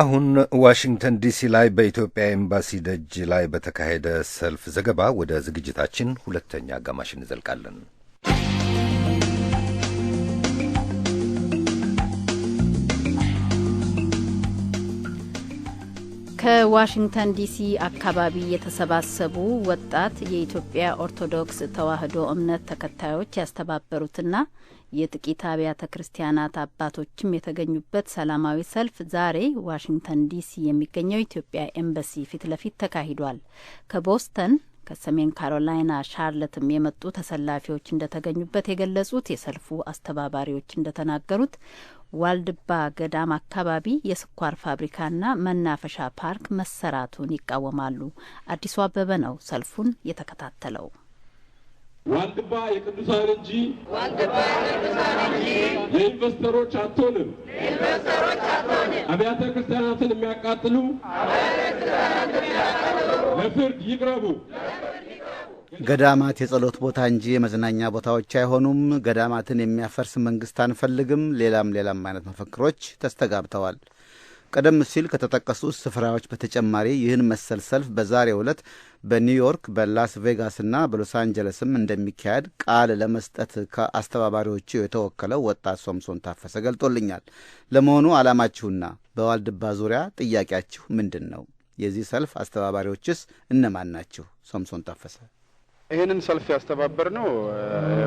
አሁን ዋሽንግተን ዲሲ ላይ በኢትዮጵያ ኤምባሲ ደጅ ላይ በተካሄደ ሰልፍ ዘገባ ወደ ዝግጅታችን ሁለተኛ አጋማሽ እንዘልቃለን። ከዋሽንግተን ዲሲ አካባቢ የተሰባሰቡ ወጣት የኢትዮጵያ ኦርቶዶክስ ተዋሕዶ እምነት ተከታዮች ያስተባበሩትና የጥቂት አብያተ ክርስቲያናት አባቶችም የተገኙበት ሰላማዊ ሰልፍ ዛሬ ዋሽንግተን ዲሲ የሚገኘው ኢትዮጵያ ኤምባሲ ፊት ለፊት ተካሂዷል። ከቦስተን ከሰሜን ካሮላይና ሻርለትም የመጡ ተሰላፊዎች እንደተገኙበት የገለጹት የሰልፉ አስተባባሪዎች እንደተናገሩት ዋልድባ ገዳም አካባቢ የስኳር ፋብሪካና መናፈሻ ፓርክ መሰራቱን ይቃወማሉ። አዲሱ አበበ ነው ሰልፉን የተከታተለው። ዋልድባ የቅዱሳን እንጂ ዋልድባ የቅዱሳን እንጂ የኢንቨስተሮች አትሆንም። የኢንቨስተሮች አትሆንም። አብያተ ክርስቲያናትን የሚያቃጥሉ አብያተ ክርስቲያናትን የሚያቃጥሉ ለፍርድ ይቅረቡ። ገዳማት የጸሎት ቦታ እንጂ የመዝናኛ ቦታዎች አይሆኑም፣ ገዳማትን የሚያፈርስ መንግስት አንፈልግም፣ ሌላም ሌላም አይነት መፈክሮች ተስተጋብተዋል። ቀደም ሲል ከተጠቀሱ ስፍራዎች በተጨማሪ ይህን መሰል ሰልፍ በዛሬው ዕለት በኒውዮርክ በላስ ቬጋስና በሎስ አንጀለስም እንደሚካሄድ ቃል ለመስጠት ከአስተባባሪዎቹ የተወከለው ወጣት ሶምሶን ታፈሰ ገልጦልኛል። ለመሆኑ ዓላማችሁና በዋልድባ ዙሪያ ጥያቄያችሁ ምንድን ነው? የዚህ ሰልፍ አስተባባሪዎችስ እነማን ናችሁ? ሶምሶን ታፈሰ ይህንን ሰልፍ ያስተባበር ነው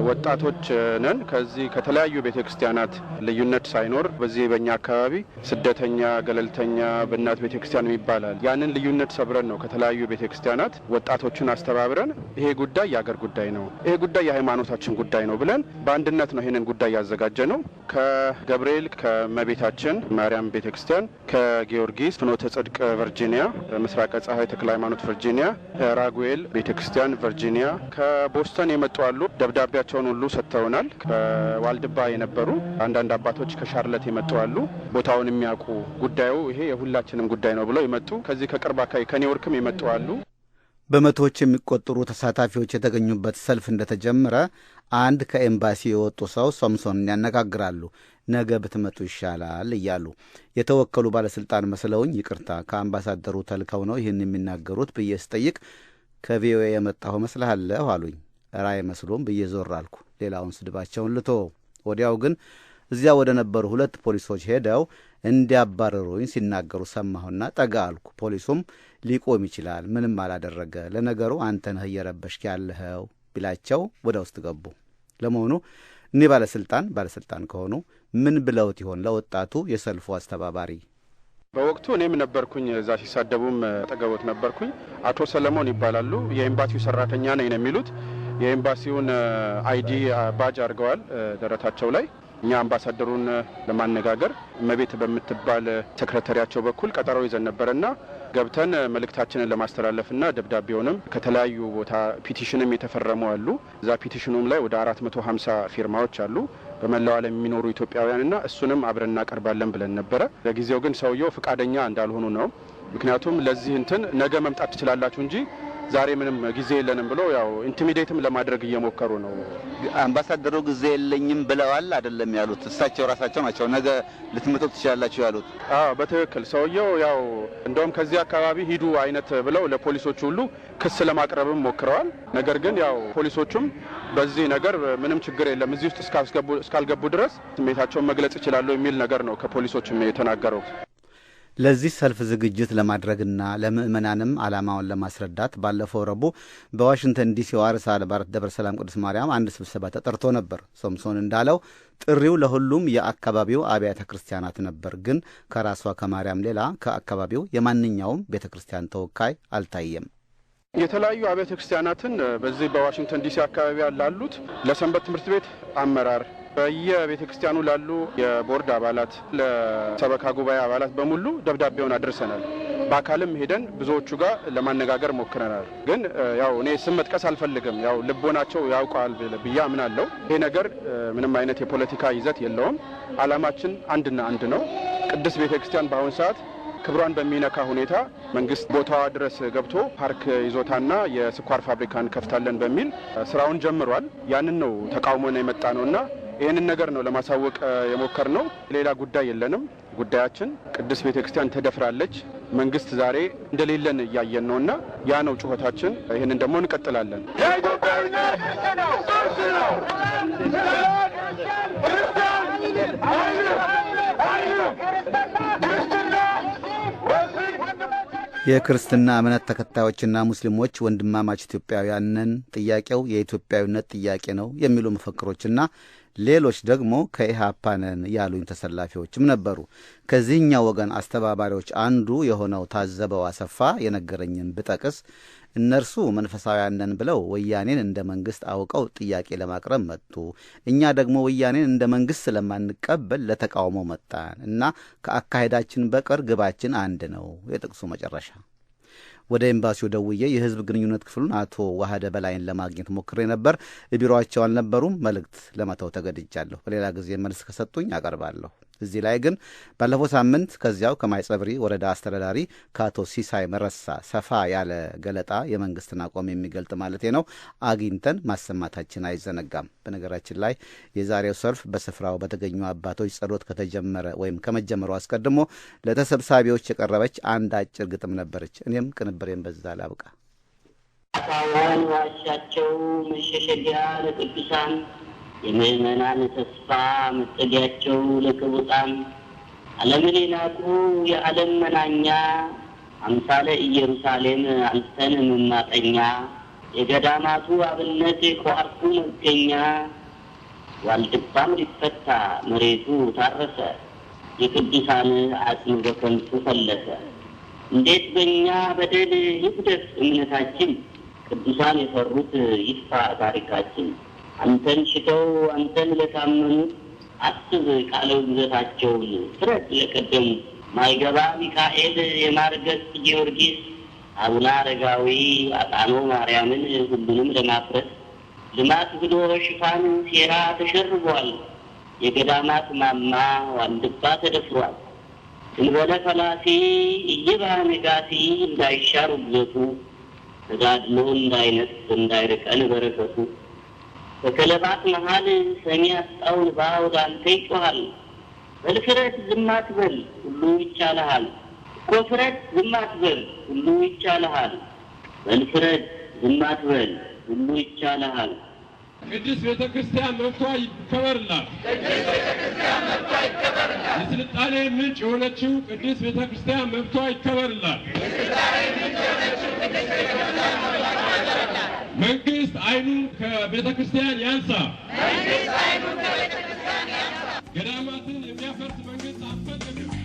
ወጣቶች ነን። ከዚህ ከተለያዩ ቤተ ክርስቲያናት ልዩነት ሳይኖር በዚህ በኛ አካባቢ ስደተኛ፣ ገለልተኛ በእናት ቤተ ክርስቲያን ይባላል። ያንን ልዩነት ሰብረን ነው ከተለያዩ ቤተ ክርስቲያናት ወጣቶችን አስተባብረን ይሄ ጉዳይ የአገር ጉዳይ ነው፣ ይሄ ጉዳይ የሃይማኖታችን ጉዳይ ነው ብለን በአንድነት ነው ይህንን ጉዳይ ያዘጋጀ ነው። ከገብርኤል ከመቤታችን ማርያም ቤተ ክርስቲያን፣ ከጊዮርጊስ ፍኖተ ጽድቅ ቨርጂኒያ፣ ምስራቀ ፀሐይ ተክለ ሃይማኖት ቨርጂኒያ፣ ራጉኤል ቤተ ክርስቲያን ቨርጂኒያ ቨርጂኒያ፣ ከቦስተን የመጡ አሉ። ደብዳቤያቸውን ሁሉ ሰጥተውናል። በዋልድባ የነበሩ አንዳንድ አባቶች ከሻርለት የመጡ አሉ። ቦታውን የሚያውቁ ጉዳዩ ይሄ የሁላችንም ጉዳይ ነው ብለው የመጡ ከዚህ ከቅርብ አካባቢ ከኒውዮርክም የመጡ አሉ። በመቶዎች የሚቆጠሩ ተሳታፊዎች የተገኙበት ሰልፍ እንደተጀመረ አንድ ከኤምባሲ የወጡ ሰው ሶምሶንን ያነጋግራሉ። ነገ ብትመጡ ይሻላል እያሉ የተወከሉ ባለሥልጣን መስለውኝ ይቅርታ ከአምባሳደሩ ተልከው ነው ይህን የሚናገሩት ብዬ ስጠይቅ ከቪኦኤ የመጣሁ መስልሃለሁ አሉኝ። ራይ መስሎም ብዬ ዞር አልኩ። ሌላውን ስድባቸውን ልቶ ወዲያው ግን እዚያ ወደ ነበሩ ሁለት ፖሊሶች ሄደው እንዲያባረሩኝ ሲናገሩ ሰማሁና ጠጋ አልኩ። ፖሊሱም ሊቆም ይችላል፣ ምንም አላደረገ፣ ለነገሩ አንተ ነህ እየረበሽክ ያለኸው ቢላቸው ወደ ውስጥ ገቡ። ለመሆኑ እኒህ ባለሥልጣን ባለሥልጣን ከሆኑ ምን ብለውት ይሆን ለወጣቱ የሰልፉ አስተባባሪ? በወቅቱ እኔም ነበርኩኝ እዛ ሲሳደቡም ጠገቦት ነበርኩኝ። አቶ ሰለሞን ይባላሉ። የኤምባሲው ሰራተኛ ነኝ ነው የሚሉት። የኤምባሲውን አይዲ ባጅ አድርገዋል ደረታቸው ላይ። እኛ አምባሳደሩን ለማነጋገር እመቤት በምትባል ሰክረተሪያቸው በኩል ቀጠሮ ይዘን ነበረና ገብተን መልእክታችንን ለማስተላለፍና ደብዳቤውንም ከተለያዩ ቦታ ፒቲሽንም የተፈረሙ አሉ። እዛ ፒቲሽኑም ላይ ወደ አራት መቶ ሀምሳ ፊርማዎች አሉ በመላው ዓለም የሚኖሩ ኢትዮጵያውያንና እሱንም አብረን እናቀርባለን ብለን ነበረ። ለጊዜው ግን ሰውየው ፈቃደኛ እንዳልሆኑ ነው። ምክንያቱም ለዚህ እንትን ነገ መምጣት ትችላላችሁ እንጂ ዛሬ ምንም ጊዜ የለንም ብሎ ያው ኢንቲሚዴትም ለማድረግ እየሞከሩ ነው። አምባሳደሩ ጊዜ የለኝም ብለዋል አይደለም ያሉት እሳቸው ራሳቸው ናቸው። ነገ ልትመጡ ትችላላችሁ ያሉት። አዎ በትክክል ሰውየው ያው እንደውም ከዚህ አካባቢ ሂዱ አይነት ብለው ለፖሊሶቹ ሁሉ ክስ ለማቅረብም ሞክረዋል። ነገር ግን ያው ፖሊሶቹም በዚህ ነገር ምንም ችግር የለም እዚህ ውስጥ እስካልገቡ ድረስ ስሜታቸውን መግለጽ ይችላሉ የሚል ነገር ነው ከፖሊሶችም የተናገረው። ለዚህ ሰልፍ ዝግጅት ለማድረግና ለምዕመናንም ዓላማውን ለማስረዳት ባለፈው ረቡዕ በዋሽንግተን ዲሲ ዋርሳ አድባራት ደብረ ሰላም ቅዱስ ማርያም አንድ ስብሰባ ተጠርቶ ነበር። ሶምሶን እንዳለው ጥሪው ለሁሉም የአካባቢው አብያተ ክርስቲያናት ነበር። ግን ከራሷ ከማርያም ሌላ ከአካባቢው የማንኛውም ቤተ ክርስቲያን ተወካይ አልታየም። የተለያዩ አብያተ ክርስቲያናትን በዚህ በዋሽንግተን ዲሲ አካባቢ ያላሉት ለሰንበት ትምህርት ቤት አመራር በየቤተ ክርስቲያኑ ላሉ የቦርድ አባላት፣ ለሰበካ ጉባኤ አባላት በሙሉ ደብዳቤውን አድርሰናል። በአካልም ሄደን ብዙዎቹ ጋር ለማነጋገር ሞክረናል። ግን ያው እኔ ስም መጥቀስ አልፈልግም። ያው ልቦናቸው ያውቀዋል ብዬ አምናለሁ። ይሄ ነገር ምንም አይነት የፖለቲካ ይዘት የለውም። አላማችን አንድና አንድ ነው። ቅድስት ቤተ ክርስቲያን በአሁኑ ሰዓት ክብሯን በሚነካ ሁኔታ መንግስት ቦታዋ ድረስ ገብቶ ፓርክ ይዞታና የስኳር ፋብሪካ እንከፍታለን በሚል ስራውን ጀምሯል። ያንን ነው ተቃውሞ ነው የመጣ ነውና ይህንን ነገር ነው ለማሳወቅ የሞከር ነው። ሌላ ጉዳይ የለንም። ጉዳያችን ቅድስት ቤተ ክርስቲያን ተደፍራለች፣ መንግስት ዛሬ እንደሌለን እያየን ነው እና ያ ነው ጩኸታችን። ይህንን ደግሞ እንቀጥላለን። የክርስትና እምነት ተከታዮችና ሙስሊሞች ወንድማማች ኢትዮጵያውያንን ጥያቄው የኢትዮጵያዊነት ጥያቄ ነው የሚሉ መፈክሮችና ሌሎች ደግሞ ከኢህአፓ ያሉኝ ተሰላፊዎችም ነበሩ። ከዚህኛው ወገን አስተባባሪዎች አንዱ የሆነው ታዘበው አሰፋ የነገረኝን ብጠቅስ እነርሱ መንፈሳውያን ብለው ወያኔን እንደ መንግስት አውቀው ጥያቄ ለማቅረብ መጡ። እኛ ደግሞ ወያኔን እንደ መንግስት ስለማንቀበል ለተቃውሞ መጣን እና ከአካሄዳችን በቀር ግባችን አንድ ነው። የጥቅሱ መጨረሻ ወደ ኤምባሲው ደውዬ የህዝብ ግንኙነት ክፍሉን አቶ ዋህደ በላይን ለማግኘት ሞክሬ ነበር። ቢሮቸው አልነበሩም። መልእክት ለመተው ተገድጃለሁ። በሌላ ጊዜ መልስ ከሰጡኝ አቀርባለሁ። እዚህ ላይ ግን ባለፈው ሳምንት ከዚያው ከማይጸብሪ ወረዳ አስተዳዳሪ ከአቶ ሲሳይ መረሳ ሰፋ ያለ ገለጣ የመንግስትን አቋም የሚገልጥ ማለት ነው አግኝተን ማሰማታችን አይዘነጋም። በነገራችን ላይ የዛሬው ሰልፍ በስፍራው በተገኙ አባቶች ጸሎት ከተጀመረ ወይም ከመጀመሩ አስቀድሞ ለተሰብሳቢዎች የቀረበች አንድ አጭር ግጥም ነበረች። እኔም ቅንብሬን በዛ ላብቃ። ዋሻቸው መሸሸጊያ ለቅዱሳን የምዕመናን ተስፋ መጠጊያቸው ለክቡጣም ዓለምን የናቁ የዓለም መናኛ አምሳለ ኢየሩሳሌም አልተን መማጠኛ የገዳማቱ አብነት ከዋርኩ መገኛ ዋልድባም ሊፈታ መሬቱ ታረሰ የቅዱሳን አጽም በከንቱ ፈለሰ። እንዴት በእኛ በደል ይጉደፍ እምነታችን ቅዱሳን የፈሩት ይፋ ታሪካችን። አንተን ሽተው አንተን ለታመኑት አስብ ቃለው ግዘታቸውን ፍረት ለቀደሙ ማይገባ ሚካኤል የማርገስ ጊዮርጊስ አቡነ አረጋዊ አጣኖ ማርያምን ሁሉንም ለማፍረት ልማት ብሎ ሽፋን ሴራ ተሸርቧል። የገዳማት ማማ ዋልድባ ተደፍሯል። እንበለ ፈላሲ እየባ ነጋሲ እንዳይሻር ውግዘቱ ተጋድሎ እንዳይነጥፍ እንዳይርቀን በረከቱ በከለባት መሀል ሰሚ ያጣውን ባ ወደ አንተ ይጮሃል። በል ፍረድ ዝም አትበል ሁሉ ይቻልሃል። እኮ ፍረድ ዝም አትበል ሁሉ ይቻልሃል። በል ፍረድ ዝም አትበል ሁሉ ይቻልሃል። ቅድስት ቤተ ክርስቲያን መብቷ ይከበርላል። የስልጣኔ ምንጭ የሆነችው ቅድስት ቤተ ክርስቲያን መብቷ ይከበርላል። መንግስት አይኑን ከቤተ ክርስቲያን ያንሳ። ገዳማትን የሚያፈርስ መንግስት አንፈልግም።